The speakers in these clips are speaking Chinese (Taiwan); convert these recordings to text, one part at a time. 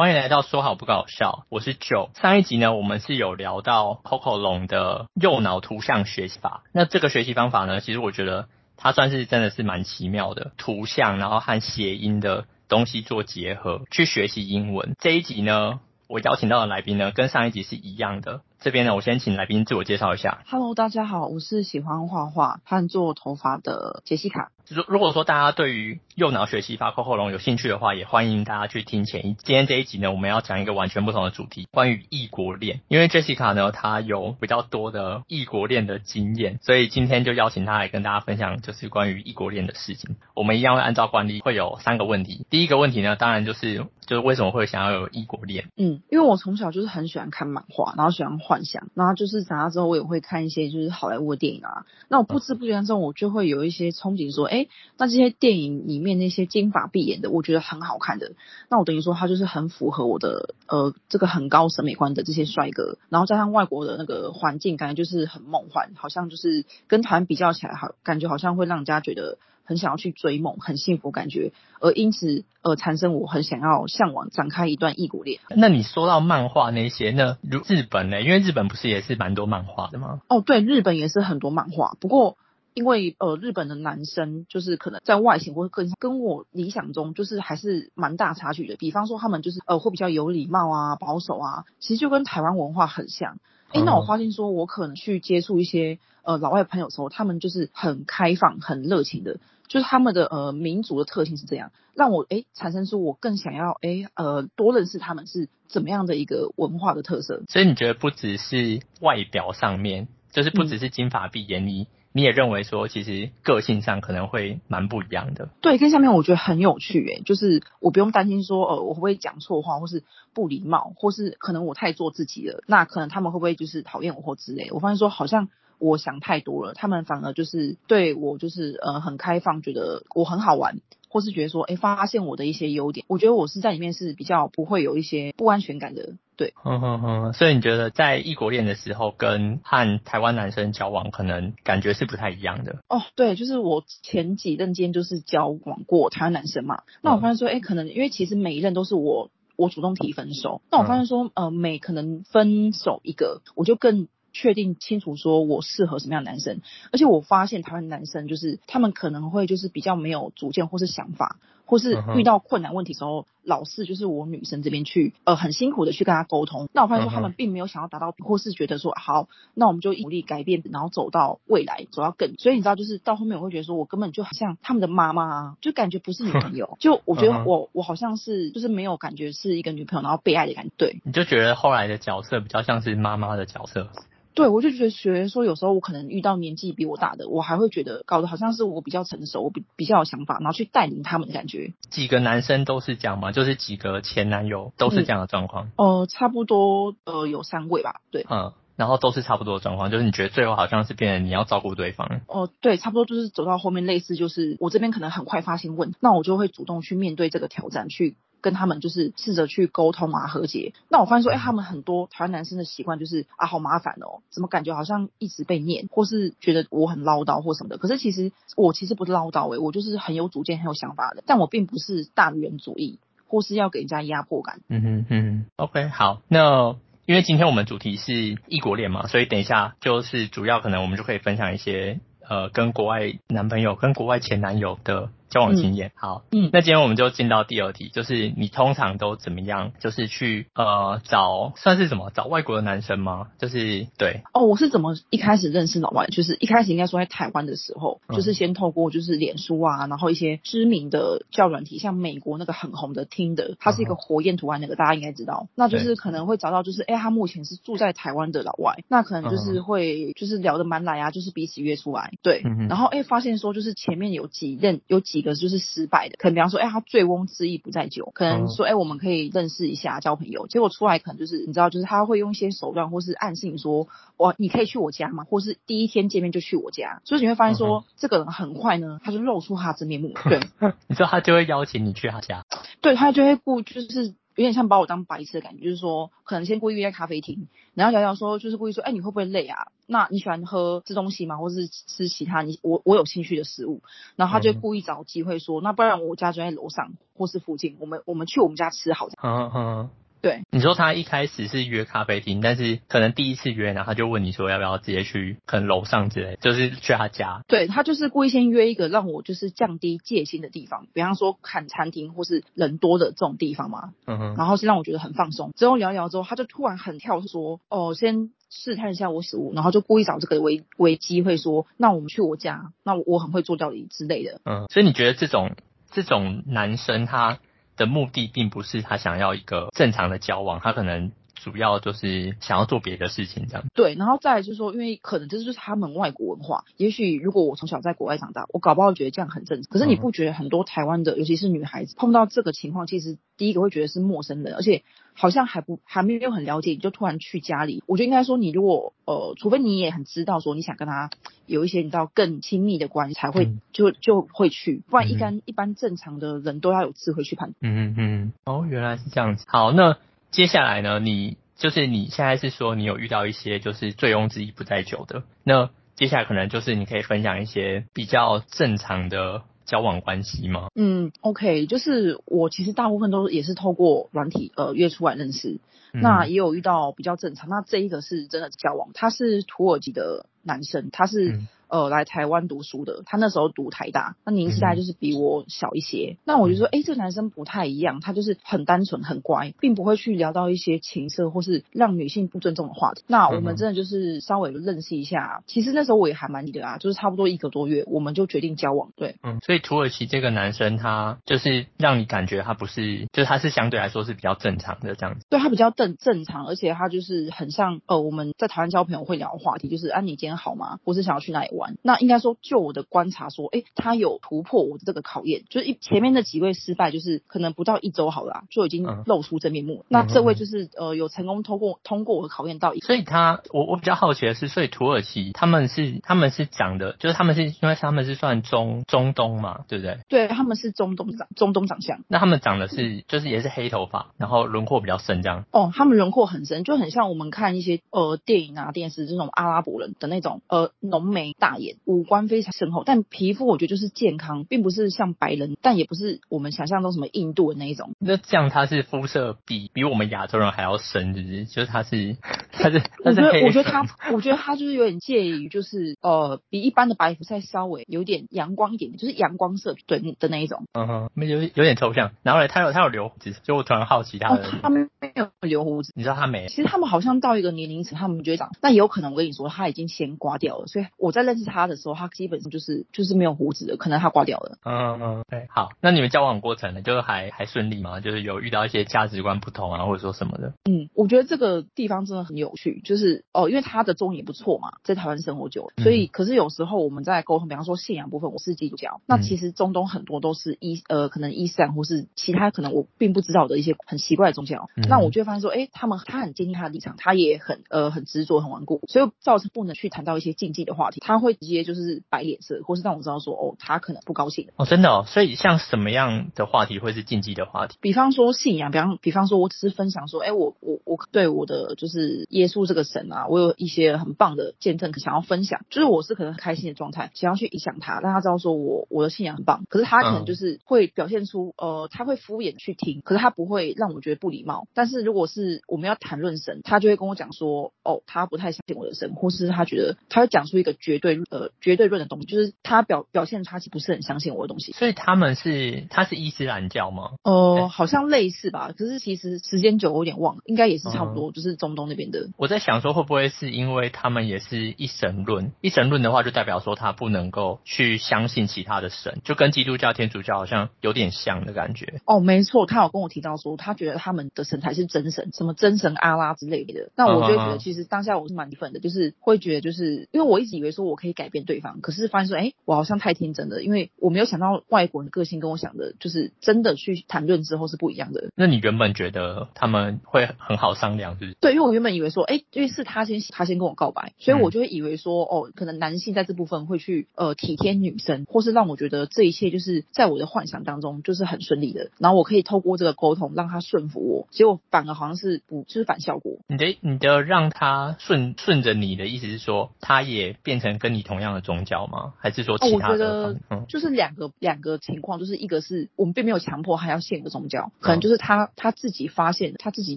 歡迎來到說好不搞笑，我是就。上一集呢，我們是有聊到 Coco 龍的右腦圖像學習法。那這個學習方法呢，其實我覺得它算是真的是蠻奇妙的，圖像然後和諧音的東西做結合去學習英文。這一集呢，我邀請到的來賓呢，跟上一集是一樣的。這邊呢，我先請來賓自我介紹一下。Hello，大家好，我是喜歡畫畫、和做頭髮的傑西卡。如如果說大家對於右腦學習法扣後龍有興趣的話，也歡迎大家去聽前一集。今天這一集呢，我們要講一個完全不同的主題，關於異國戀。因為傑西卡呢，她有比較多的異國戀的經驗，所以今天就邀請她來跟大家分享，就是關於異國戀的事情。我們一樣會按照慣例會有三個問題。第一個問題呢，當然就是就是為什麼會想要有異國戀？嗯，因為我從小就是很喜歡看漫畫，然後喜歡畫，幻想，然後就是長大之後，我也會看一些就是好萊塢的電影啊。那我不知不覺中，我就會有一些憧憬，說，哎、欸，那這些電影裡面那些金髮碧眼的，我覺得很好看的。那我等於說，他就是很符合我的呃這個很高審美觀的這些帥哥，然後加上外國的那個環境，感覺就是很夢幻，好像就是跟台灣比較起來好，好感覺好像會讓人家覺得。很想要去追夢，很幸福感覺，而因此呃產生我很想要嚮往展開一段異國戀。那你說到漫畫那些呢？日本呢？因為日本不是也是蠻多漫畫的嗎？哦，對，日本也是很多漫畫。不過因為呃日本的男生就是可能在外型或者更跟我理想中就是還是蠻大差距的。比方說他們就是呃會比較有禮貌啊、保守啊，其實就跟台灣文化很像。誒、欸、那我發現說我可能去接觸一些呃老外朋友的時候，他們就是很開放、很熱情的。就是他們的呃民族的特性是這樣，讓我誒、欸、產生出我更想要誒、欸、呃多認識他們是怎麼樣的一個文化的特色。所以你覺得不只是外表上面，就是不只是金髮碧眼，你你也認為說其實個性上可能會蠻不一樣的。對，跟下面我覺得很有趣、欸，誒，就是我不用擔心說呃我會不會講錯話或是不禮貌，或是可能我太做自己了，那可能他們會不會就是討厭我或之類？我發現說好像。我想太多了，他們反而就是對我就是呃很開放，覺得我很好玩，或是覺得說誒、欸、發現我的一些優點。我覺得我是在裡面是比較不會有一些不安全感的，對。哼哼哼，所以你覺得在異國戀的時候跟和台灣男生交往，可能感覺是不太一樣的？哦，對，就是我前幾任間就是交往過台灣男生嘛、嗯，那我發現說誒、欸，可能因為其實每一任都是我我主動提分手，那我發現說、嗯、呃每可能分手一個，我就更。確定清楚說我適合什麼樣的男生，而且我發現台灣男生就是他們可能會就是比較沒有主見或是想法，或是遇到困難問題時候、uh -huh. 老是就是我女生這邊去呃很辛苦的去跟他溝通，那我發現說他們並沒有想要達到、uh -huh. 或是覺得說好，那我們就努力改變然後走到未來走到更，所以你知道就是到後面我會覺得說我根本就好像他們的媽媽、啊、就感覺不是女朋友， 就我覺得我、uh -huh. 我好像是就是沒有感覺是一個女朋友然後被愛的感覺，對，你就覺得後來的角色比較像是媽媽的角色。對，我就覺得覺得說，有時候我可能遇到年紀比我大的，我還會覺得搞得好像是我比較成熟，我比比較有想法，然後去帶領他們的感覺。幾個男生都是這樣嗎？就是幾個前男友都是這樣的狀況？哦、嗯呃，差不多，呃，有三位吧，對。嗯，然後都是差不多的狀況，就是你覺得最後好像是變成你要照顧對方？哦、呃，對，差不多就是走到後面，類似就是我這邊可能很快發現問題，那我就會主動去面對這個挑戰去。跟他們就是試着去溝通啊，和解。那我發現說，哎、欸，他們很多台灣男生的習慣就是啊，好麻煩哦、喔，怎麼感覺好像一直被念，或是覺得我很嘮叨或什麼的。可是其實我其實不是嘮叨哎、欸，我就是很有主見、很有想法的。但我並不是大女人主義，或是要給人家壓迫感。嗯哼嗯哼，OK，好。那因為今天我們主題是異國戀嘛，所以等一下就是主要可能我們就可以分享一些呃，跟國外男朋友、跟國外前男友的。交往經驗、嗯、好，嗯，那今天我們就進到第二題，就是你通常都怎麼樣？就是去呃找算是什麼？找外國的男生嗎？就是對哦，我是怎麼一開始認識老外？就是一開始應該說在台灣的時候，嗯、就是先透過就是臉書啊，然後一些知名的交友軟體，像美國那個很紅的 Tinder，它是一個火焰圖案那個，大家應該知道，那就是可能會找到就是哎，他目前是住在台灣的老外，那可能就是會就是聊得蠻來啊，就是彼此約出來，對，嗯、然後哎發現說就是前面有幾任有幾。一個就是失敗的，可能比方說，哎、欸，他醉翁之意不在酒，可能說，哎、欸，我們可以認識一下，交朋友，結果出來可能就是你知道，就是他會用一些手段，或是暗示你說，哇，你可以去我家嗎？或是第一天見面就去我家，所以你會發現說，嗯、這個人很快呢，他就露出他真面目。對，呵呵你知道他就會邀請你去他家，對他就會故就是有點像把我當白痴的感覺，就是說，可能先故意約在咖啡廳，然後想聊聊說，就是故意說，哎、欸，你會不會累啊？那你喜歡喝吃東西嗎？或是吃其他你我我有興趣的食物？然後他就故意找機會說，嗯、那不然我家就在樓上，或是附近，我們我們去我們家吃好。嗯嗯。嗯嗯對，你說他一開始是約咖啡廳，但是可能第一次約，然後他就問你說要不要直接去，可能樓上之類，就是去他家。對，他就是故意先約一個讓我就是降低戒心的地方，比方說砍餐廳或是人多的這種地方嘛。嗯哼。然後是讓我覺得很放鬆，之後聊一聊之後，他就突然很跳說，哦，先試探一下我食物，然後就故意找這個為為機會說，那我們去我家，那我我很會做料理之類的。嗯，所以你覺得這種這種男生他？的目的並不是他想要一個正常的交往，他可能主要就是想要做別的事情這樣。對，然後再來就是說，因為可能這就是他們外國文化，也許如果我從小在國外長大，我搞不好覺得這樣很正常。可是你不覺得很多台灣的，嗯、尤其是女孩子碰到這個情況，其實第一個會覺得是陌生人，而且。好像還不還沒有很了解，你就突然去家裡，我覺得應該說你如果呃，除非你也很知道說你想跟他有一些你知道更親密的關係，才會、嗯、就就會去，不然一般、嗯、一般正常的人都要有智慧去判斷。嗯嗯嗯嗯，哦原來是這樣子。好，那接下來呢，你就是你現在是說你有遇到一些就是醉翁之意不在酒的，那接下來可能就是你可以分享一些比較正常的。交往關係嗎？嗯，OK，就是我其實大部分都也是透過軟體呃約出來認識，嗯，那也有遇到比較正常。那這一個是真的交往，他是土耳其的男生，他是，嗯。呃，來台灣讀書的，他那時候讀台大，那年紀大概就是比我小一些。嗯、那我就說，哎、欸，這個男生不太一樣，他就是很單純、很乖，並不會去聊到一些情色或是讓女性不尊重的話題。那我們真的就是稍微認識一下，嗯、其實那時候我也還蠻累的啊，就是差不多一個多月，我們就決定交往。對，嗯，所以土耳其這個男生他就是讓你感覺他不是，就他是相對來說是比較正常的這樣子。對，他比較正正常，而且他就是很像呃我們在台灣交朋友會聊的話題，就是啊，你今天好嗎？我是想要去哪裡玩？那應該說，就我的觀察說，哎、欸，他有突破我的這個考驗，就是一前面的幾位失敗，就是可能不到一周好了、啊，就已經露出真面目了、嗯。那這位就是呃，有成功通過通過我的考驗到一。所以他，他我我比較好奇的是，所以土耳其他們是他們是長的，就是他們是因為他們是算中中東嘛，對不對？對，他們是中東長中東長相。那他們長的是、嗯、就是也是黑頭髮，然後輪廓比較深這樣。哦，他們輪廓很深，就很像我們看一些呃電影啊、電視這種阿拉伯人的那種呃濃眉大。五官非常深厚，但皮膚我覺得就是健康，並不是像白人，但也不是我們想象中什麼印度的那一種。那這樣他是膚色比比我們亞洲人還要深，就是就是他是他是， 我他是。我覺得我覺得他我覺得他就是有點介於就是呃比一般的白富帥稍微有點陽光一點，就是陽光色對的那一種。嗯、uh、哼 -huh，沒有有點抽象。然後呢，他有他有留胡子，就我突然好奇他的，oh，他們沒有留胡子。你知道他沒？其實他們好像到一個年齡層，他們就會長。但有可能我跟你說他已經先刮掉了，所以我在認。是他的時候，他基本上就是就是沒有鬍子的，可能他刮掉了。嗯嗯，對，好，那你們交往過程呢，就還還順利嗎？就是有遇到一些價值觀不同啊，或者說什麼的？嗯，我覺得這個地方真的很有趣，就是哦，因為他的中文也不錯嘛，在台灣生活久了，嗯、所以可是有時候我們在溝通，比方說信仰部分我，我是基督教，那其實中東很多都是伊、e, 呃，可能伊斯蘭或是其他，可能我並不知道的一些很奇怪的宗教。那、嗯、我就發現說，哎、欸，他們他很堅定他的立場，他也很呃很執着很頑固，所以造成不能去談到一些禁忌的話題，他會。直接就是擺臉色，或是讓我知道說，哦，他可能不高興。哦，真的哦。所以像什麼樣的話題會是禁忌的話題？比方說信仰，比方比方說我只是分享說，哎、欸，我我我對我的就是耶穌這個神啊，我有一些很棒的見證想要分享，就是我是可能很開心的狀態，想要去影響他，讓他知道說我我的信仰很棒。可是他可能就是會表現出，呃，他會敷衍去聽，可是他不會讓我覺得不禮貌。但是如果是我們要談論神，他就會跟我講說，哦，他不太相信我的神，或是他覺得他會講出一個絕對。呃，絕對論的東西，就是他表表現他其實不是很相信我的東西。所以他們是他是伊斯蘭教嗎？哦、呃欸，好像類似吧，可是其實時間久我有點忘了，應該也是差不多，就是中東那邊的、嗯。我在想說，會不會是因為他們也是一神論？一神論的話，就代表說他不能夠去相信其他的神，就跟基督教、天主教好像有點像的感覺。哦，沒錯，他有跟我提到說，他覺得他們的神才是真神，什麼真神阿拉之類的。那我就覺得，其實當下我是蠻憤的，就是會覺得，就是因為我一直以為說我。可以改變對方，可是發現說，哎、欸，我好像太天真了，因為我沒有想到外國人的個性跟我想的，就是真的去談論之後是不一樣的。那你原本覺得他們會很好商量，對不對？對，因為我原本以為說，哎、欸，因為是他先他先跟我告白，所以我就會以為說，嗯、哦，可能男性在這部分會去呃體貼女生，或是讓我覺得這一切就是在我的幻想當中就是很順利的。然後我可以透過這個溝通讓他順服我，結果反而好像是不就是反效果。你得你得讓他順順着你的意思是說，他也變成跟你同樣的宗教嗎？還是說其他的？哦、我覺得就是兩個兩個情況，就是一個是我們並沒有強迫他要信一個宗教，可能就是他、哦、他自己發現他自己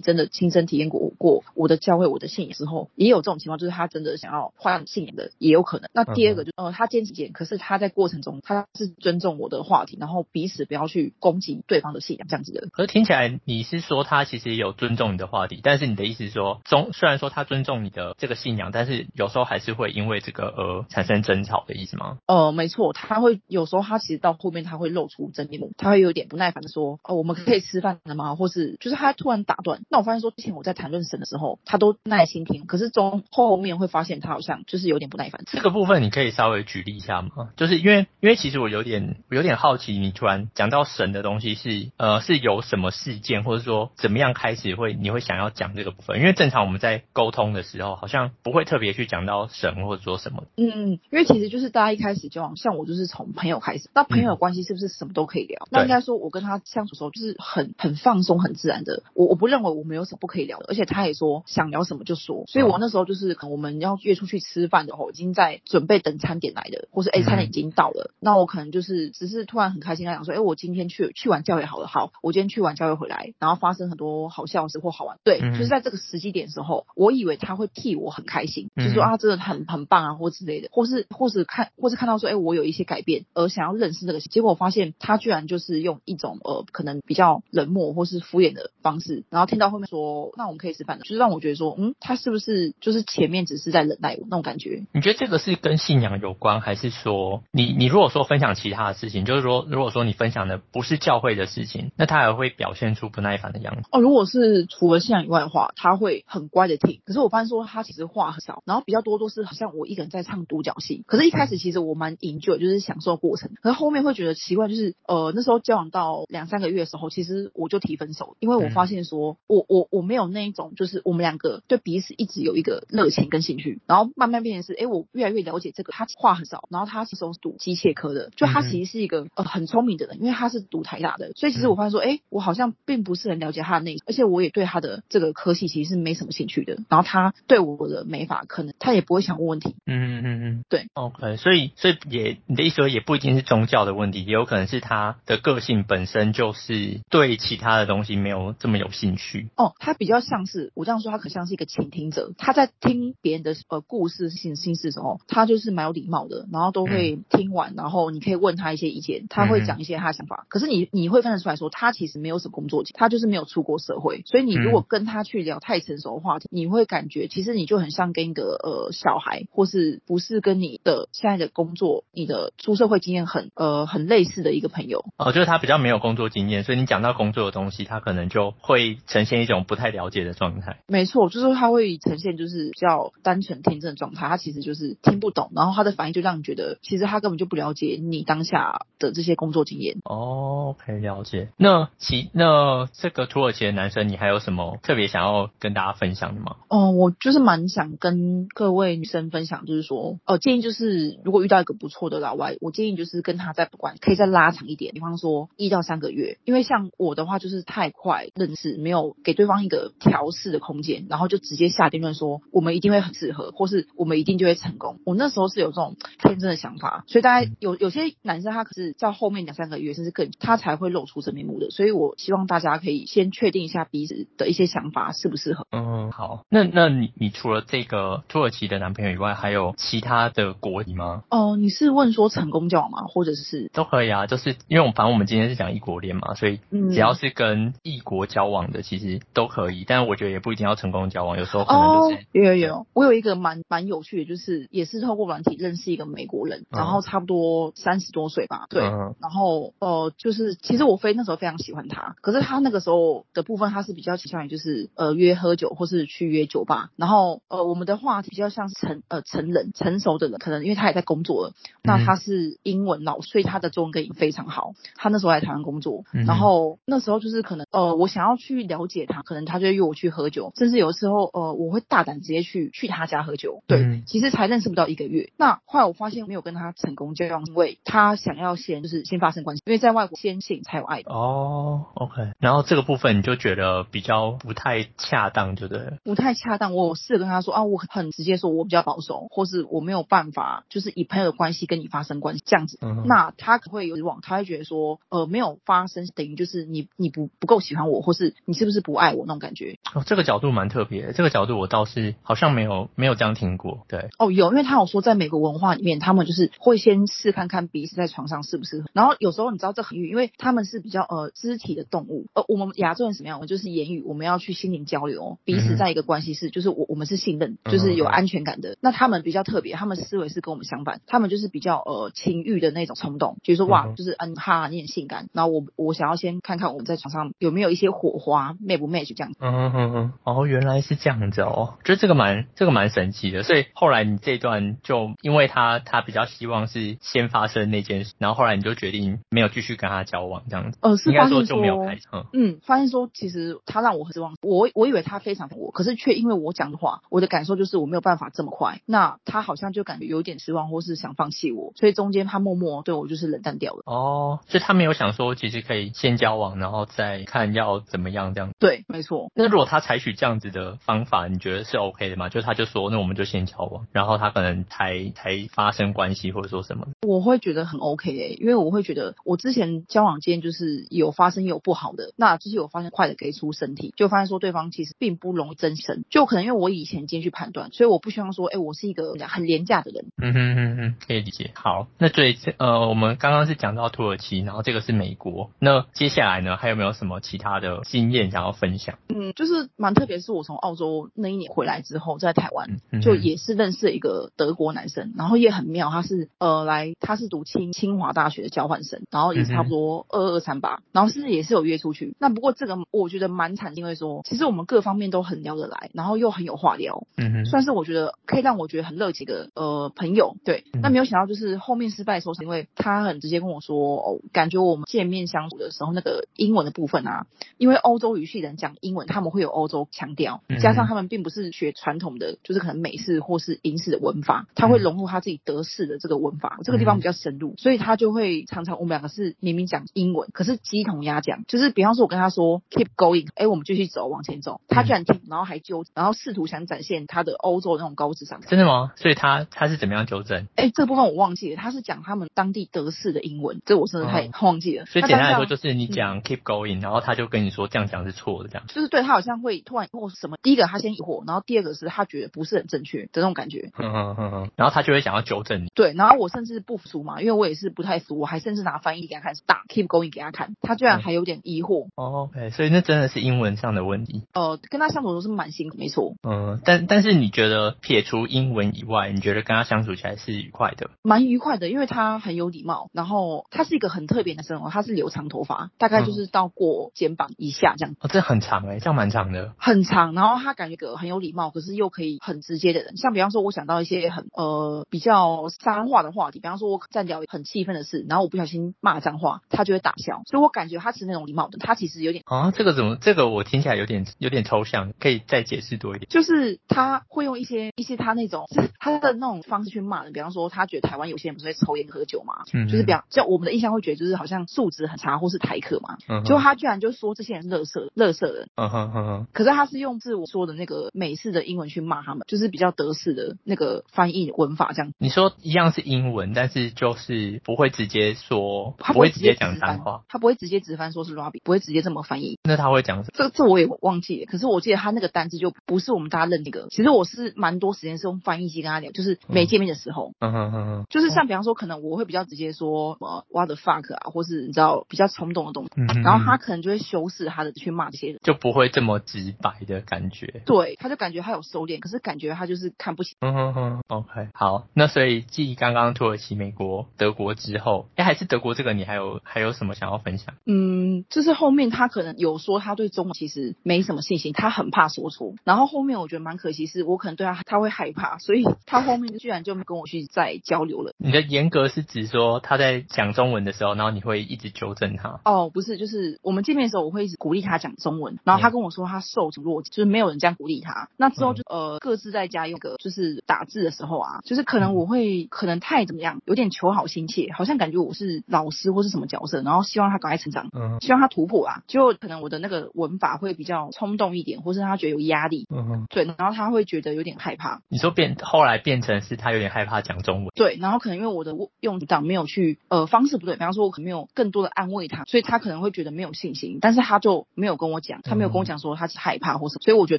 真的親身體驗過我過我的教會我的信仰之後，也有這種情況，就是他真的想要換信仰的也有可能。那第二個就是、嗯、他堅持堅，可是他在過程中他是尊重我的話題，然後彼此不要去攻擊對方的信仰這樣子的。可是聽起來你是說他其實有尊重你的話題，但是你的意思是說，中雖然說他尊重你的這個信仰，但是有時候還是會因為這個而、呃。產生爭吵的意思嗎？哦、呃，沒錯，他會有時候，他其實到後面他會露出真面目，他會有點不耐煩地說：“哦、呃，我們可以吃飯了嗎？”或是就是他突然打斷。那我發現說之前我在談論神的時候，他都耐心聽，可是中後面會發現他好像就是有點不耐煩。這個部分你可以稍微舉例一下嗎？就是因為因為其實我有點我有點好奇，你突然講到神的東西是呃是有什麼事件，或者說怎麼樣開始會你會想要講這個部分？因為正常我們在溝通的時候，好像不會特別去講到神或者說什麼。嗯。嗯，因為其實就是大家一開始交往，像我就是從朋友開始。那朋友關係是不是什麼都可以聊？嗯、那應該說，我跟他相處的時候就是很很放鬆、很自然的。我我不認為我們有什麼不可以聊的，而且他也說想聊什麼就說。所以我那時候就是我們要約出去吃飯的話，已經在準備等餐點來的，或是誒餐點已經到了、嗯，那我可能就是只是突然很開心來，他講說哎我今天去去完教育好了，好我今天去完教育回來，然後發生很多好笑的事或好玩，對，嗯、就是在這個時機點時候，我以為他會替我很開心，就是、說啊真的很很棒啊或之類的。或是或是看或是看到說，哎、欸，我有一些改變，而想要認識這、那個，結果我發現他居然就是用一種呃，可能比較冷漠或是敷衍的方式，然後聽到後面說，那我們可以吃飯了，就是讓我覺得說，嗯，他是不是就是前面只是在忍耐我那種感覺？你覺得這個是跟信仰有關，還是說你你如果說分享其他的事情，就是說如果說你分享的不是教會的事情，那他還會表現出不耐煩的樣子？哦，如果是除了信仰以外的話，他會很乖的聽，可是我發現說他其實話很少，然後比較多都是好像我一個人在唱獨獨角戲，可是，一開始其實我蠻 enjoy，就是享受過程。可是後面會覺得奇怪，就是呃，那時候交往到兩三個月的時候，其實我就提分手，因為我發現說，我我我沒有那一種，就是我們兩個對彼此一直有一個熱情跟興趣。然後慢慢變成是，哎、欸，我越來越了解這個，他話很少，然後他其實讀機械科的，就他其實是一個呃很聰明的人，因為他是讀台大的，所以其實我發現說，哎、欸，我好像並不是很了解他的內心，而且我也對他的這個科系其實是沒什麼興趣的。然後他對我的美髮，可能他也不會想問問題。嗯嗯。嗯，對，OK，所以，所以也，你的意思說也不一定是宗教的問題，也有可能是他的個性本身就是對其他的東西沒有這麼有興趣。哦，他比較像是我這樣說，他可像是一個傾聽者，他在聽別人的呃故事性心，心事的時候，他就是蠻有禮貌的，然後都會聽完、嗯，然後你可以問他一些意見，他會講一些他的想法。可是你你會看得出來說，他其實沒有什麼工作，他就是沒有出過社會，所以你如果跟他去聊太成熟的話題、嗯，你會感覺其實你就很像跟一個呃小孩，或是不是？是跟你的現在的工作、你的出社會經驗很呃很類似的一個朋友哦，就是他比較沒有工作經驗，所以你講到工作的東西，他可能就會呈現一種不太了解的狀態。沒錯，就是他會呈現就是比較單純聽證的狀態，他其實就是聽不懂，然後他的反應就讓你覺得其實他根本就不了解你當下的這些工作經驗。哦，OK，了解。那其那這個土耳其的男生，你還有什麼特別想要跟大家分享的嗎？哦，我就是蠻想跟各位女生分享，就是說。哦、呃，建議就是如果遇到一個不錯的老外，我建議就是跟他再不管可以再拉長一點，比方說一到三個月，因為像我的話就是太快認識，沒有給對方一個調適的空間，然後就直接下定論說我們一定會很適合，或是我們一定就會成功。我那時候是有這種天真的想法，所以大概有有些男生他可是在後面兩三個月甚至更他才會露出真面目的，所以我希望大家可以先確定一下彼此的一些想法適不適合。嗯，好，那那你你除了這個土耳其的男朋友以外，還有其他的國語嗎？哦、呃，你是問說成功交往嗎？嗯、或者是都可以啊，就是因為我反正我們今天是講異國戀嘛，所以只要是跟異國交往的，其實都可以。嗯、但是我覺得也不一定要成功交往，有時候可能就是、哦、有有有，我有一個蠻蠻有趣的，就是也是透過軟體認識一個美國人，嗯、然後差不多三十多歲吧，對，嗯、然後哦、呃，就是其實我非那時候非常喜歡他，可是他那個時候的部分，他是比較傾向於就是呃約喝酒或是去約酒吧，然後呃我們的話題比較像成呃成人成。保守的人，可能因為他也在工作，了，那他是英文老，所以他的中文跟你非常好。他那時候在台灣工作，然後那時候就是可能呃，我想要去了解他，可能他就約我去喝酒，甚至有時候呃，我會大膽直接去去他家喝酒。對、嗯，其實才認識不到一個月，那後來我發現沒有跟他成功交往，因為他想要先就是先發生關係，因為在外國先性才有愛哦、oh,，OK。然後這個部分你就覺得比較不太恰當，對不對？不太恰當，我試着跟他說啊，我很直接說，我比較保守，或是我。沒有辦法，就是以朋友的關係跟你發生關係這樣子，嗯、那他可會有往，他會覺得說，呃，沒有發生，等於就是你你不不夠喜歡我，或是你是不是不愛我那種感覺。哦，這個角度蠻特別，這個角度我倒是好像沒有沒有這樣聽過。對，哦，有，因為他有說，在美國文化裡面，他們就是會先試看看彼此在床上適不適合。然後有時候你知道這很，因為他們是比較呃肢體的動物，呃，我們亞洲人怎麼樣？我們就是言語，我們要去心靈交流，嗯、彼此在一個關係是，就是我我們是信任，就是有安全感的。嗯、那他們比較特別。他們思維是跟我們相反，他們就是比較呃情欲的那種衝動，比如說哇、嗯，就是嗯哈，你很性感，然後我我想要先看看我們在床上有沒有一些火花，妹不妹就這樣子。嗯嗯嗯，哦，原來是這樣子哦，覺得這個蠻這個蠻神奇的。所以後來你這一段就因為他他比較希望是先發生那件事，然後後來你就決定沒有繼續跟他交往這樣子。呃，是發現應該說就沒有開場。嗯，發現說其實他讓我很失望，我我以為他非常懂我，可是卻因為我講的話，我的感受就是我沒有辦法這麼快，那他好像。那就感覺有點失望，或是想放棄我，所以中間他默默對我就是冷淡掉了。哦，所以他沒有想說，其實可以先交往，然後再看要怎麼樣這樣。對，沒錯。那如果他採取這樣子的方法，你覺得是 OK 的嗎？就他就說，那我們就先交往，然後他可能才才發生關係或者說什麼，我會覺得很 OK 誒、欸，因為我會覺得我之前交往間就是有發生有不好的，那就是有發生快的給出身體，就發現說對方其實並不容易真身，就可能因為我以前間去判斷，所以我不希望說，哎、欸，我是一個很連。廉價的人，嗯哼哼哼，可以理解。好，那最呃，我們剛剛是講到土耳其，然後這個是美國，那接下來呢，還有沒有什麼其他的經驗想要分享？嗯，就是蠻特別，是我從澳洲那一年回來之後，在台灣、嗯、就也是認識一個德國男生，然後也很妙，他是呃來，他是讀清清華大學的交換生，然後也差不多二二三八，然後是也是有約出去。那不過這個我覺得蠻慘，因為說其實我們各方面都很聊得來，然後又很有話聊，嗯哼，算是我覺得可以讓我覺得很樂極的。呃，朋友，對、嗯，那沒有想到就是後面失敗的時候，是因為他很直接跟我說、哦，感覺我們見面相處的時候，那個英文的部分啊，因為歐洲語系人講英文，他們會有歐洲腔調、嗯，加上他們並不是學傳統的，就是可能美式或是英式的文法，他會融入他自己德式的這個文法、嗯，這個地方比較深入，所以他就會常常我們兩個是明明講英文，可是雞同鴨講，就是比方說我跟他說 keep going，哎、欸，我們繼續走，往前走、嗯，他居然聽，然後還糾，然後試圖想展現他的歐洲的那種高智商，真的嗎？所以他。他他是怎麼樣糾正？哎，這部分我忘記了。他是講他們當地德式的英文，這我真的太忘記了。所、嗯、以簡單來說，就是你講、嗯、keep going，然後他就跟你說這樣講是錯的，這樣。就是對他好像會突然或什麼。第一個他先疑惑，然後第二個是他覺得不是很正確的那種感覺。嗯嗯嗯嗯。然後他就會想要糾正你。對，然後我甚至不熟嘛，因為我也是不太熟，我還甚至拿翻譯給他看，打 keep going 給他看，他居然還有點疑惑。嗯、哦，o、okay，k 所以那真的是英文上的問題。哦、呃，跟他相處都是蠻辛苦，沒錯。嗯，但但是你覺得撇除英文以外？你覺得跟他相處起來是愉快的？蠻愉快的，因為他很有禮貌，然後他是一個很特別的生活，他是留長頭髮，大概就是到過肩膀以下這樣子、嗯。哦，這很長哎、欸，這樣蠻長的。很長，然後他感覺個很有禮貌，可是又可以很直接的人。像比方說，我想到一些很呃比較髒話的話題，比方說我在聊很氣憤的事，然後我不小心罵髒話，他就會打消，所以我感覺他是那種禮貌的。他其實有點啊，這個怎麼？這個我聽起來有點有點抽象，可以再解釋多一點。就是他會用一些一些他那種是他。 的那種方式去罵的，比方說他覺得台灣有些人不是在抽煙喝酒嘛，嗯，就是比較，像我們的印象會覺得就是好像素質很差或是台客嘛，嗯，就他居然就說這些人樂色樂色人，嗯哼哼、嗯、哼。可是他是用自我說的那個美式的英文去罵他們，就是比較德式的那個翻譯文法這樣。你說一樣是英文，但是就是不會直接說，他不會直接講髒話，他不會直接直翻說是 Robbie，不會直接這麼翻譯。那他會講什麼？這個這我也忘記了，可是我記得他那個單字就不是我們大家認那個。其實我是蠻多時間是用翻譯機跟他聊。就是沒見面的時候，嗯哼哼哼，就是像比方說，可能我會比較直接說，呃，what the fuck 啊，或是你知道比較衝動的東西，然後他可能就會修飾他的去罵這些人，就不會這麼直白的感覺。對，他就感覺他有收斂，可是感覺他就是看不起。嗯哼哼，OK，好，那所以繼剛剛土耳其、美國、德國之後，哎，還是德國這個，你還有還有什麼想要分享？嗯，就是後面他可能有說他對中文其實沒什麼信心，他很怕說錯。然後後面我覺得蠻可惜，是我可能對他他會害怕，所以他。後面居然就沒跟我去再交流了。你的嚴格是指說他在講中文的時候，然後你會一直糾正他？哦，不是，就是我們見面的時候，我會一直鼓勵他講中文。然後他跟我說他受寵若驚、嗯，就是沒有人這樣鼓勵他。那之後就、嗯、呃，各自在家用個就是打字的時候啊，就是可能我會、嗯、可能太怎麼樣，有點求好心切，好像感覺我是老師或是什麼角色，然後希望他趕快成長，嗯，希望他突破啊，就可能我的那個文法會比較衝動一點，或是讓他覺得有壓力，嗯，嗯，對，然後他會覺得有點害怕。你說變，後來變變成是他有點害怕講中文，對，然後可能因為我的用長沒有去呃方式不對，比方說我可能沒有更多的安慰他，所以他可能會覺得沒有信心，但是他就沒有跟我講，他沒有跟我講說他是害怕或什麼、嗯，所以我覺得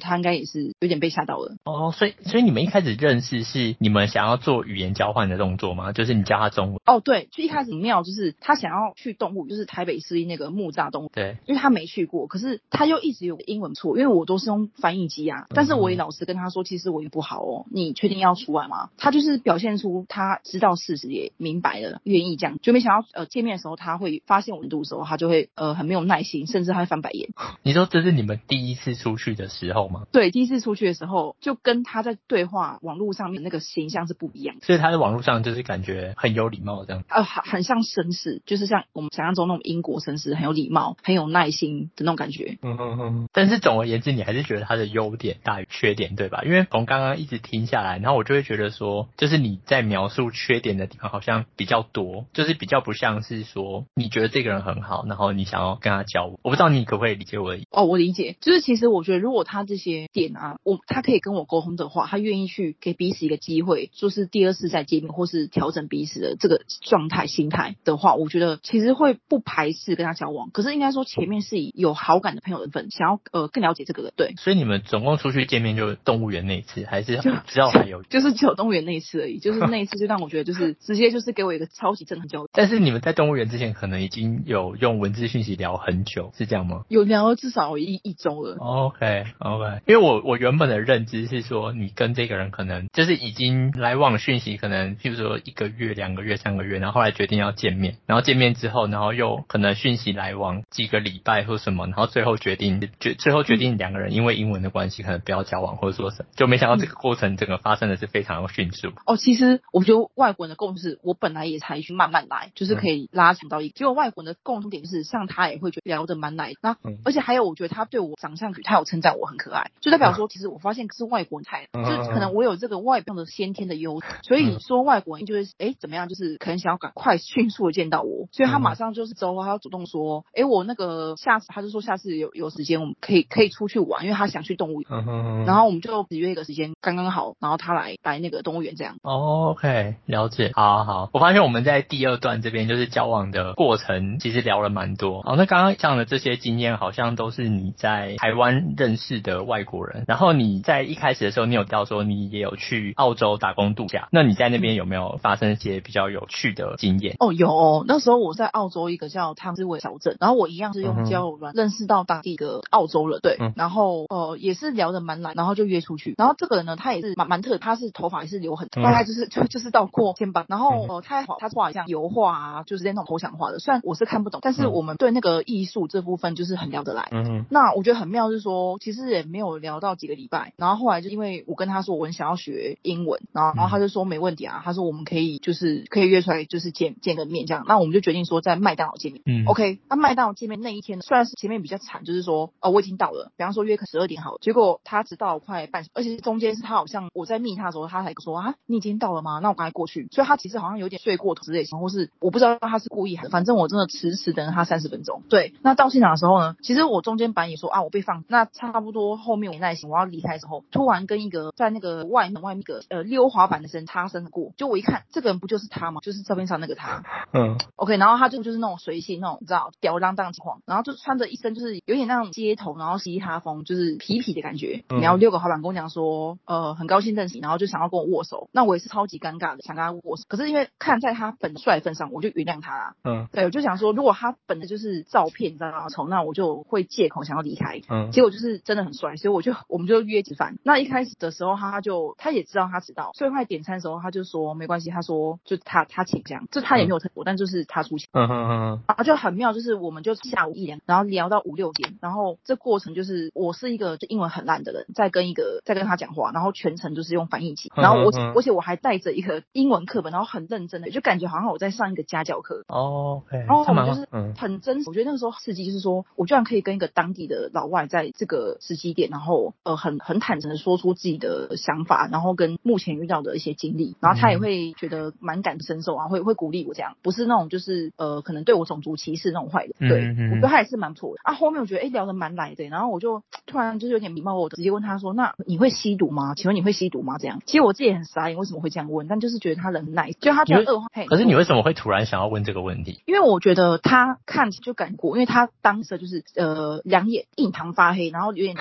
他應該也是有點被嚇到了。哦，所以所以你們一開始認識是你們想要做語言交換的動作嗎？就是你教他中文。哦，對，就一開始妙就是他想要去動物，就是台北市立那個木柵動物，對，因為他沒去過，可是他又一直有英文錯，因為我都是用翻譯機啊，但是我也老實跟他說，其實我也不好哦，你確定要出啊？嘛，他就是表現出他知道事實也明白了，願意這樣，就沒想到呃見面的時候他會發現溫度的時候，他就會呃很沒有耐心，甚至還會翻白眼。你說這是你們第一次出去的時候嗎？對，第一次出去的時候就跟他在對話網絡上面的那個形象是不一樣，所以他在網絡上就是感覺很有禮貌的這樣，呃很像紳士，就是像我們想象中那種英國紳士，很有禮貌、很有耐心的那種感覺。嗯嗯嗯。但是總而言之，你還是覺得他的優點大於缺點對吧？因為從剛剛一直聽下來，然後我就會覺得。覺得說，就是你在描述缺點的地方好像比較多，就是比較不像是說你覺得這個人很好，然後你想要跟他交往。我不知道你可不可以理解我。哦，我理解，就是其實我覺得如果他這些點啊，我他可以跟我溝通的話，他願意去給彼此一個機會，就是第二次再見面或是調整彼此的這個狀態、心態的話，我覺得其實會不排斥跟他交往。可是應該說前面是以有好感的朋友的身份，想要呃更了解這個人。對。所以你們總共出去見面就動物園那一次，還是只要還有就是。去動物園那一次而已，就是那一次就讓我覺得就是 直接就是給我一個超級震撼的交流。但是你們在動物園之前可能已經有用文字訊息聊很久，是這樣嗎？有聊至少有一一周了。Oh, OK OK，因為我我原本的認知是說，你跟這個人可能就是已經來往訊息，可能譬如說一個月、兩個月、三個月，然後後來決定要見面，然後見面之後，然後又可能訊息來往幾個禮拜或什麼，然後最後決定決最後決定兩個人因為英文的關係、嗯，可能不要交往或者說什麼，就沒想到這個過程整個發生的是非常。想迅速哦，其實我覺得外國人的共識，我本來也才去慢慢來，就是可以拉長到一個、嗯。結果外國人的共同點就是，像他也會覺得聊得蠻來，那、嗯、而且還有我覺得他對我長相與他有稱讚，我很可愛，就代表說其實我發現是外國人才。嗯、就可能我有這個外貌的先天的優勢、嗯，所以說外國人就是哎、欸、怎麼樣，就是可能想要趕快迅速的見到我，所以他馬上就是周末他要主動說，哎、欸、我那個下次他就說下次有有時間我們可以可以出去玩、嗯，因為他想去動物園、嗯嗯嗯嗯，然後我們就只約一個時間剛剛好，然後他來那個動物園這樣。Oh, OK，了解。好好，我發現我們在第二段這邊就是交往的過程，其實聊了蠻多。哦、oh,，那剛剛講的這些經驗，好像都是你在台灣認識的外國人。然後你在一開始的時候，你有提到說你也有去澳洲打工度假。那你在那邊有沒有發生一些比較有趣的經驗？Oh, 哦，有。那時候我在澳洲一個叫湯斯維爾小鎮，然後我一樣是用交友軟體認識到當地的澳洲人，mm -hmm. 對。然後呃，也是聊得蠻來，然後就約出去。然後這個人呢，他也是蠻蠻特，他是同。頭髮也是留很長，大概就是就就是到過肩膀，然後、呃、他他畫像油畫啊，就是那種抽象畫的。雖然我是看不懂，但是我們對那個藝術這部分就是很聊得來。嗯，那我覺得很妙就是說，其實也沒有聊到幾個禮拜，然後後來就因為我跟他說我很想要學英文，然後然後他就說沒問題啊，他說我們可以就是可以約出來就是見見個面這樣。那我們就決定說在麥當勞見面。嗯，OK。那麥當勞見面那一天呢，雖然是前面比較慘，就是說哦我已經到了，比方說約個十二點好了，結果他直到快半，而且中間是他好像我在密他的時候他。他還說啊，你已經到了嗎？那我剛才過去，所以他其實好像有點睡過頭之類型，或是我不知道他是故意還是。反正我真的遲遲等了他三十分鐘。對，那到現場的時候呢，其實我中間板也說啊，我被放。那差不多後面我沒耐心，我要離開的時候，突然跟一個在那個外面外面一個呃溜滑板的人擦身而過。就我一看，這個人不就是他嗎？就是照片上那個他。嗯。OK，然後他這個就是那種隨性那種，你知道，吊兒郎當的情況，然後就穿着一身就是有點那種街頭，然後嘻哈風，就是痞痞的感覺。嗯、然後溜個滑板跟我講說，呃，很高興認識，然後就想要。跟我握手，那我也是超級尷尬的，想跟他握手。可是因為看在他本帥份上，我就原諒他了。嗯，對，我就想說，如果他本來就是照片，你知道嗎？醜，那我就會借口想要離開。嗯，結果就是真的很帥，所以我就我們就約吃飯。那一開始的時候，哈哈，就他也知道他遲到，所以他點餐的時候，他就說沒關係，他說就他他請，這樣這他也沒有太多、嗯，但就是他出錢。嗯嗯嗯，嗯，嗯，然後就很妙，就是我們就下午一點，然後聊到五六點，然後這過程就是我是一個就英文很爛的人，在跟一個在跟他講話，然後全程就是用翻譯機。 然後我， 而且我還帶着一個英文課本，然後很認真的，就感覺好像我在上一個家教課。哦、oh, okay.，然後他們就是很真實，實， 我覺得那個時候刺激就是說，我居然可以跟一個當地的老外在這個時機點，然後呃很很坦誠的說出自己的想法，然後跟目前遇到的一些經歷，然後他也會覺得蠻感同身受啊，會會鼓勵我這樣，不是那種就是呃可能對我種族歧視那種壞的，對， 我覺得他也是蠻不錯的。啊，後面我覺得哎、欸、聊得蠻來的、欸，然後我就突然就是有點迷茫，我直接問他說，那你會吸毒嗎？請問你會吸毒嗎？這樣，其實我自己也很傻眼，為什麼會這樣問？但就是覺得他人很 nice，就他比較二。可是你為什麼會突然想要問這個問題？因為我覺得他看起來就感覺，因為他當時就是呃，兩眼印堂發黑，然後有點。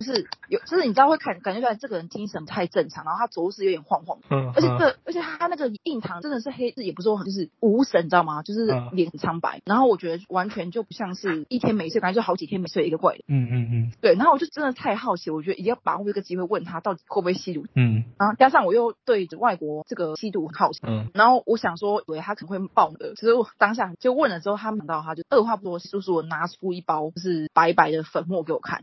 就是有，就是你知道會看，感覺出來，這個人精神不太正常，然後他着實有點晃晃。嗯。而且這，而且他那個印堂真的是黑字，也不是說很就是無神，你知道嗎？就是臉很蒼白呵呵。然後我覺得完全就不像是一天沒睡，感覺就好幾天沒睡一個怪的。嗯嗯嗯。對，然後我就真的太好奇，我覺得一定要把握一個機會問他到底會不會吸毒。嗯。然後加上我又對着外國這個吸毒很好奇。嗯。然後我想說，以為他可能會爆的，其實我當下就問了之後，他沒想到，他就二話不多，就是我拿出一包就是白白的粉末給我看，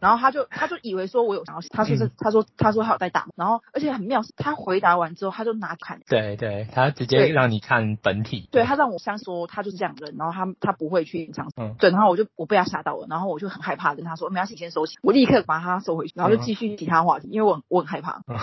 然後他就。 他就以為說我有他，就是嗯，他說是他說他說他有在打，然後而且很妙是，他回答完之後他就拿砍，對對，他直接讓你看本體，對，對，對他讓我先說他就是這樣的人，然後他他不會去隱藏，嗯，對，然後我就我被他嚇到了，然後我就很害怕跟他說，沒關係，你先收起，我立刻把他收回去，然後就繼續其他話題，因為我很我很害怕。嗯嗯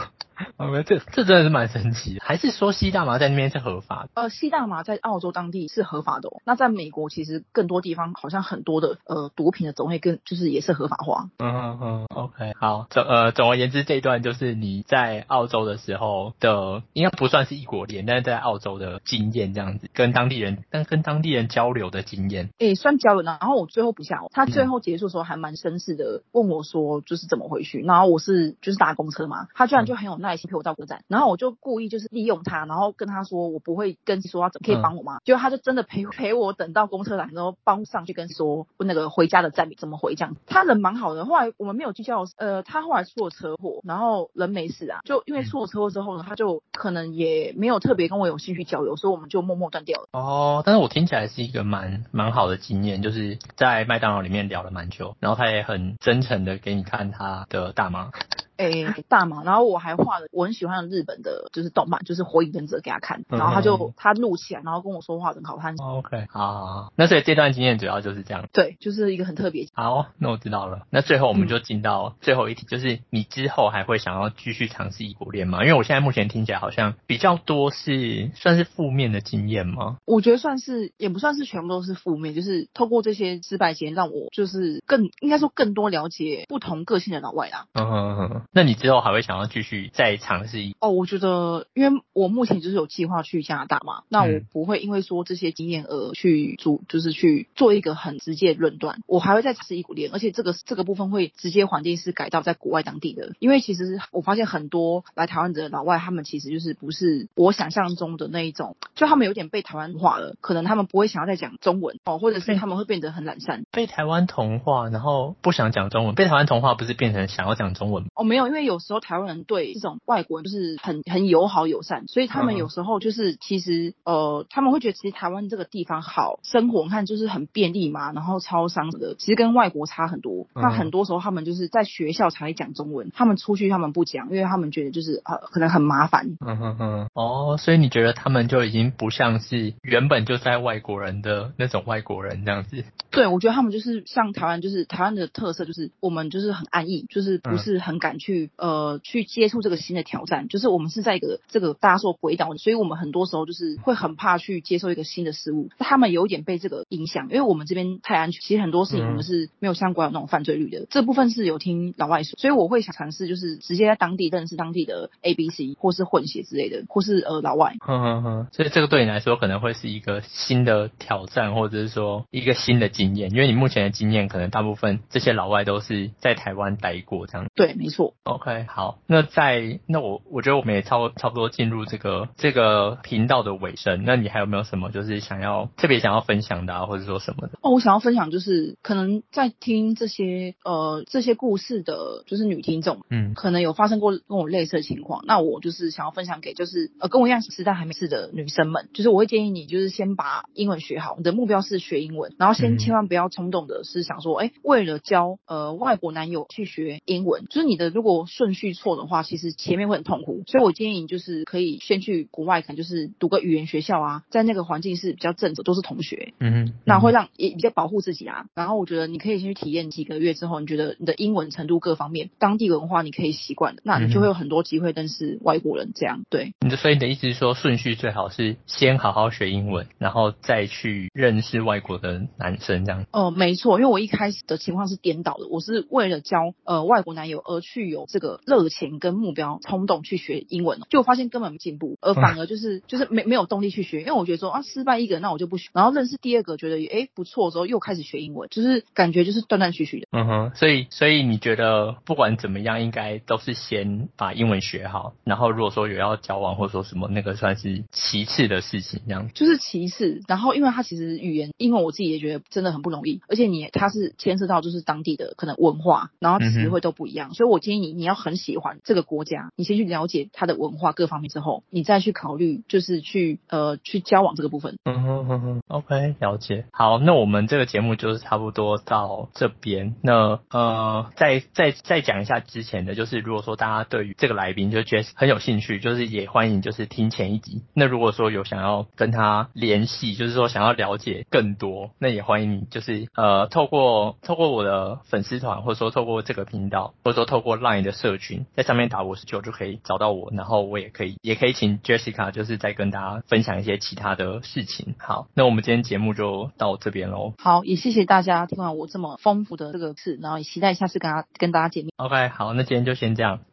我們這這真的是蠻神奇，還是說吸大麻在那邊是合法的？呃，吸大麻在澳洲當地是合法的。哦，那在美國其實更多地方好像很多的呃毒品的種類跟就是也是合法化。嗯嗯，嗯，OK，好，總呃總而言之這一段就是你在澳洲的時候的應該不算是異國戀，但是在澳洲的經驗這樣子，跟當地人但跟當地人交流的經驗，誒、欸、算交流呢。然後我最後不想，他最後結束的時候還蠻紳士的問我說就是怎麼回去，嗯、然後我是就是搭公車嘛，他居然就很有。嗯耐心陪我到車站，然後我就故意就是利用他，然後跟他說我不會跟你說要怎麼可以幫我嗎、嗯？就他就真的陪陪我等到公車站，然後幫上去跟說那個回家的站怎麼回這樣。他人蠻好的，後來我們沒有計較，呃，他後來出了車禍，然後人沒事啊，就因為出了車禍之後呢，他就可能也沒有特別跟我有興趣交流，所以我們就默默斷掉了。哦，但是我聽起來是一個蠻蠻好的經驗，就是在麥當勞裡面聊了蠻久，然後他也很真誠的給你看他的大媽。誒、欸，大嘛，然後我還畫了我很喜歡的日本的，就是動漫，就是《火影忍者》給他看，然後他就、嗯、他怒起來，然後跟我說話，很、哦 okay, 好看。OK，好，那所以這段經驗主要就是這樣。對，就是一個很特別的經驗。好、哦，那我知道了。那最後我們就進到最後一題、嗯，就是你之後還會想要繼續嘗試異國戀嗎？因為我現在目前聽起來好像比較多是算是負面的經驗嗎？我覺得算是也不算是全部都是負面，就是透過這些失敗經驗，讓我就是更應該說更多了解不同個性的老外啦。嗯哼哼那你之後還會想要繼續再嘗試？哦，我覺得，因為我目前就是有計劃去加拿大嘛，那我不會因為說這些經驗而去做，就是去做一個很直接的論斷。我還會再嘗試異國戀，而且這個這個部分會直接環境是改到在國外當地的。因為其實我發現很多來台灣的老外，他們其實就是不是我想象中的那一種，就他們有點被台灣化了，可能他們不會想要再講中文哦，或者是他們會變得很懶散，被台灣同化，然後不想講中文。被台灣同化不是變成想要講中文嗎？哦，沒。沒有，因為有時候台灣人對這種外國人就是很很友好友善，所以他們有時候就是其實、嗯、呃，他們會覺得其實台灣這個地方好生活，你看就是很便利嘛，然後超商什麼的，其實跟外國差很多。那很多時候他們就是在學校才會講中文、嗯，他們出去他們不講，因為他們覺得就是呃可能很麻煩。嗯嗯嗯，哦，所以你覺得他們就已經不像是原本就在外國人的那種外國人這樣子？對，我覺得他們就是像台灣，就是台灣的特色，就是我們就是很安逸，就是不是很敢。嗯去呃去接觸這個新的挑戰，就是我們是在一個這個大家說軌道，所以我們很多時候就是會很怕去接受一個新的事物。但他們有一點被這個影響，因為我們這邊太安全，其實很多事情我們是沒有像國外那種犯罪率的、嗯。這部分是有聽老外說，所以我會想嘗試，就是直接在當地認識當地的 A B C，或是混血之類的，或是呃老外。哼哼哼，所以這個對你來說可能會是一個新的挑戰，或者是說一個新的經驗，因為你目前的經驗可能大部分這些老外都是在台灣待過這樣。對，沒錯。OK，好，那在那我我覺得我們也差不差不多進入這個這個頻道的尾聲。那你還有沒有什麼就是想要特別想要分享的啊，或者說什麼的？哦，我想要分享就是可能在聽這些呃這些故事的，就是女聽眾，嗯，可能有發生過跟我類似的情況。那我就是想要分享給就是呃跟我一樣時代還沒事的女生們，就是我會建議你就是先把英文學好，你的目標是學英文，然後先千萬不要衝動的是想說，哎、嗯欸，為了教呃外國男友去學英文，就是你的如果如果順序錯的話，其實前面會很痛苦，所以我建議你就是可以先去國外，可能就是讀個語言學校啊，在那個環境是比較正的，都是同學，嗯，嗯，那會讓也比較保護自己啊。然後我覺得你可以先去體驗幾個月之後，你覺得你的英文程度各方面，當地文化你可以習慣的，那你就會有很多機會認識外國人。這樣對，你的所以你的意思是說，順序最好是先好好學英文，然後再去認識外國的男生這樣？哦、呃，沒錯，因為我一開始的情況是顛倒的，我是為了交呃外國男友而去。有這個熱情跟目標衝動去學英文，就我發現根本不進步，而反而就是就是沒沒有動力去學，因為我覺得說啊失敗一個，那我就不學。然後認識第二個，覺得哎、欸、不錯，之後又開始學英文，就是感覺就是斷斷續續的。嗯哼，所以所以你覺得不管怎麼樣，應該都是先把英文學好，然後如果說有要交往或者說什麼那個算是其次的事情，這樣就是其次。然後因為它其實語言，因為我自己也覺得真的很不容易，而且你它是牽涉到就是當地的可能文化，然後詞彙都不一樣，嗯、所以我建議。你你要很喜歡這個國家，你先去了解它的文化各方面之後，你再去考慮就是去呃去交往這個部分。嗯哼哼哼，OK，了解。好，那我們這個節目就是差不多到這邊。那呃，再再再講一下之前的就是，如果說大家對於這個來賓就覺得很有興趣，就是也歡迎就是聽前一集。那如果說有想要跟他聯繫，就是說想要了解更多，那也歡迎你，就是呃透過透過我的粉絲團，或者說透過這個頻道，或者說透過 Line。你的社群，在上面打我是就，就可以找到我。然後我也可以，也可以請 Jessica，就是再跟大家分享一些其他的事情。好，那我們今天節目就到這邊嘍。好，也謝謝大家聽完我這麼豐富的這個事，然後也期待下次跟大家跟大家見面。OK，好，那今天就先這樣。